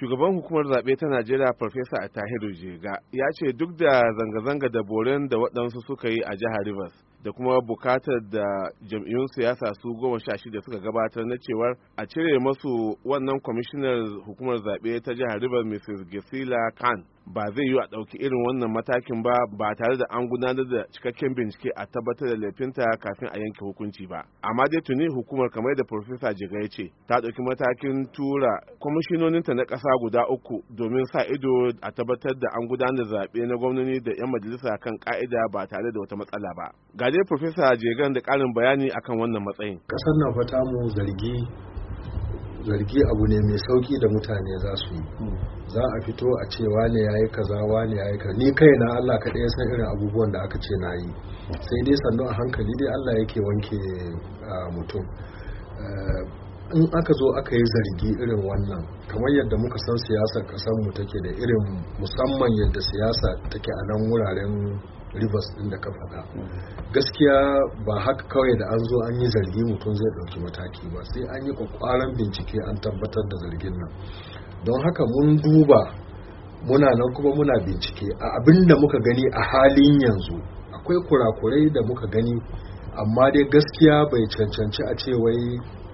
shugaban hukumar zaɓe ta najeriya farfesa a tahiru jega ya ce duk da zanga-zanga da borin da waɗansu suka yi a jihar rivers da kuma bukatar da jam'iyyun siyasa su goma sha shida suka gabatar na cewar a cire masu wannan kwamishinar hukumar zaɓe ta jihar rivers mrs gisila khan ba zai yi a ɗauki irin wannan matakin ba ba tare da an gudanar da cikakken bincike a tabbatar da laifinta kafin a yanke hukunci ba amma dai tuni hukumar kamar da profesa jiga yace, ce ta ɗauki matakin tura kwamishinoninta na ƙasa guda uku domin sa ido a tabbatar da an gudanar zaɓe na gwamnoni da 'yan majalisa kan ƙa'ida ba tare da wata matsala ba ga dai profesa jegan da ƙarin bayani akan wannan matsayin ƙasar na fata mu zargi zargi abu ne mai sauki da mutane za su yi hmm. za a fito a ce wane ya yi kaza wane ya yi kaza ni kai na allah kaɗai ya san irin abubuwan da aka ce na yi sai dai sannu a hankali dai allah yake wanke mutum eh, in aka zo aka yi zargi irin wannan kamar yadda muka san siyasar mu take da irin musamman yadda siyasa take a nan wuraren rivers din da kafada gaskiya ba haka kawai da an zo an yi zargi mutum zai ɗauki mataki ba sai an yi kwakwaran bincike an tabbatar da zargin nan don haka mun duba muna nan kuma muna bincike a abin da muka gani a halin yanzu akwai kurakurai da muka gani amma dai gaskiya bai cancanci a ce wai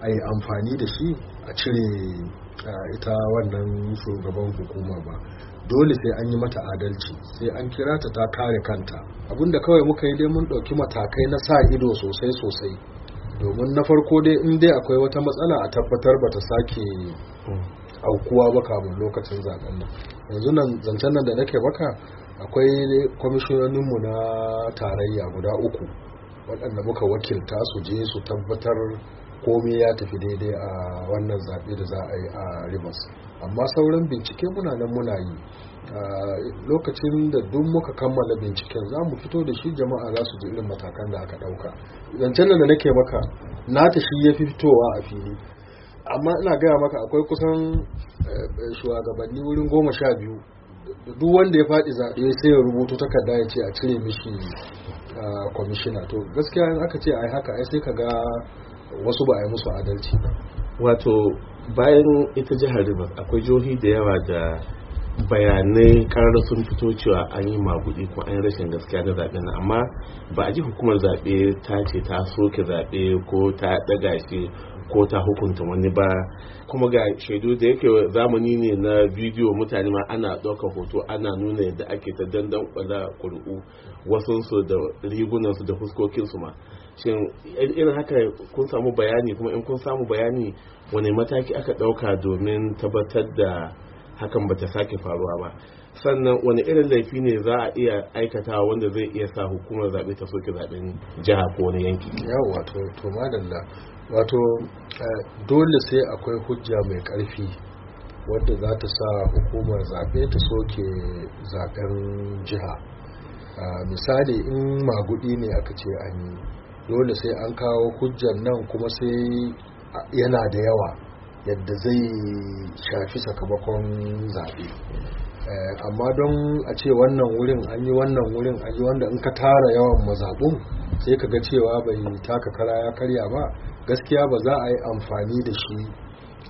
a yi amfani da shi a cire ita wannan shugaban hukuma ba dole sai an yi mata adalci sai an kira ta ta kare kanta abinda kawai muka yi dai mun ɗauki matakai na sa ido sosai sosai domin na farko dai in dai akwai wata matsala a tabbatar bata sake aukuwa ba kamun lokacin zaben nan yanzu nan zancen nan da nake baka akwai mu na tarayya guda uku waɗanda muka wakilta su je su tabbatar komai ya tafi daidai a wannan zaɓe da za a yi a rivers amma sauran bincike muna nan muna yi lokacin da duk muka kammala binciken za mu fito da shi jama'a za su ji irin matakan da aka ɗauka zancen da nake maka na ta shi ya fi fitowa a fili amma ina gaya maka akwai kusan eh, shugabanni wurin goma sha biyu duk wanda ya faɗi zaɓe sai ya rubuto takarda ya ce a cire mishi eh, kwamishina to gaskiya in aka ce a yi haka ai sai ka ga wasu ba a yi musu adalci ba wato bayan ita jihar Rivers akwai jihohi da yawa da bayanai karar sun fito cewa an yi magudi ko an yi rashin gaskiya na zaɓe na amma ba a ji hukumar zaɓe ta ce ta soke zaɓe ko ta ɗaga shi ko ta hukunta wani ba kuma ga shaidu da yake zamani ne na bidiyo mutane ma ana ɗauka hoto ana nuna yadda ake ta dandan ƙwada ƙuri'u wasunsu da rigunansu da fuskokinsu ma shin irin haka kun samu bayani kuma in kun samu bayani wani mataki aka ɗauka domin tabbatar da hakan ba bata sake faruwa ba sannan wani irin laifi ne za a iya aikata wanda zai iya sa hukumar zaɓe ta soke zaɓen jiha ko wani yanki yawa wato to madalla wato eh, dole sai akwai hujja mai ƙarfi wadda za ta sa hukumar zaɓe ta soke zaɓen jiha ah, misali in magudi ne aka ce an yi dole sai an kawo hujjar nan kuma sai yana da yawa yadda zai shafi sakamakon zaɓe eh, amma don a ce wannan wurin an yi wannan wurin an yi wanda in ka tara yawan mazaɓun sai ka ga cewa bai taka kara ya karya ba gaskiya ba za a yi amfani da shi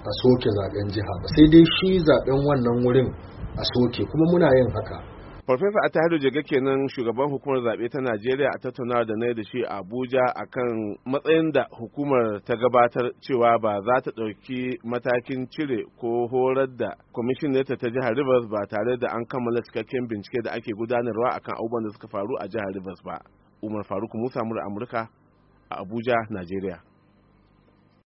a soke zaɓen jiha ba sai dai shi zaɓen wannan wurin a soke kuma muna yin haka Farfesa Atahiru jega kenan shugaban hukumar zaɓe ta Najeriya a tattauna da na da shi a Abuja akan matsayin da hukumar ta gabatar cewa ba za ta ɗauki matakin cire ko horar da kwamishinata ta jihar Rivers ba tare da an kammala cikakken bincike da ake gudanarwa akan abubuwan da suka faru a jihar Rivers ba. Umar Faruk Musa Amurka a Abuja, Najeriya.